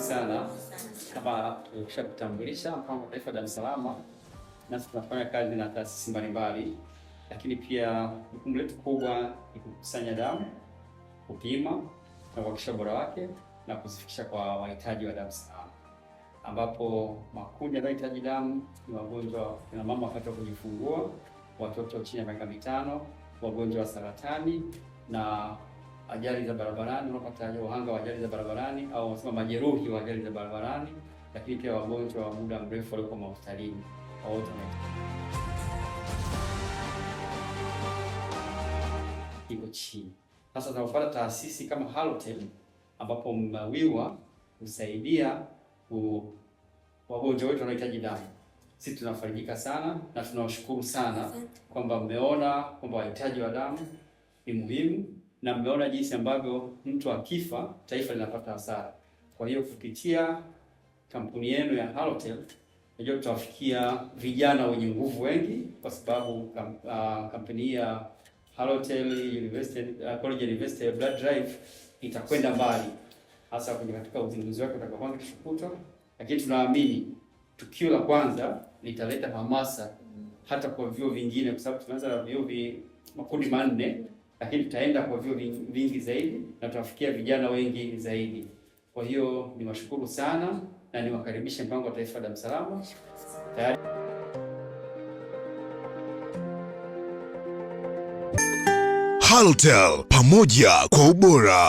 Karibu sana. Kama nimeshakutambulisha, Mpango wa Taifa Dar es Salaam, nasi tunafanya kazi na taasisi mbalimbali, lakini pia jukumu letu kubwa ni kukusanya damu, kupima na kuhakikisha ubora wake na kuzifikisha kwa wahitaji wa damu salama, ambapo makundi yanayohitaji damu ni wagonjwa na mama wakati wa kujifungua, watoto chini ya miaka mitano, wagonjwa wa saratani na ajali za barabarani, unapata wahanga wa ajali za barabarani au wanasema majeruhi wa ajali za barabarani, lakini pia wagonjwa wa muda mrefu walioko mahospitalini wote. Iko chini sasa, tunapata taasisi kama Halotel ambapo mbawiwa husaidia wagonjwa wetu wanaohitaji damu. Sisi tunafarijika sana na tunawashukuru sana kwamba mmeona kwamba wahitaji wa damu ni muhimu na mmeona jinsi ambavyo mtu akifa taifa linapata hasara. Kwa hiyo kupitia kampuni yenu ya Halotel najua tutawafikia vijana wenye nguvu wengi, kwa sababu ah, kampuni ya Halotel University, ah, College University Blood Drive itakwenda mbali hasa kwenye katika uzinduzi wake utakapoanza kesho kutwa, lakini tunaamini tukio la kwanza litaleta hamasa hata kwa vyuo vingine, kwa sababu tunaanza na vyuo makundi manne lakini tutaenda kwa vyuo vingi zaidi na tutafikia vijana wengi zaidi. Kwa hiyo niwashukuru sana na niwakaribishe mpango wa taifa es Salaam tayari Halotel pamoja kwa ubora.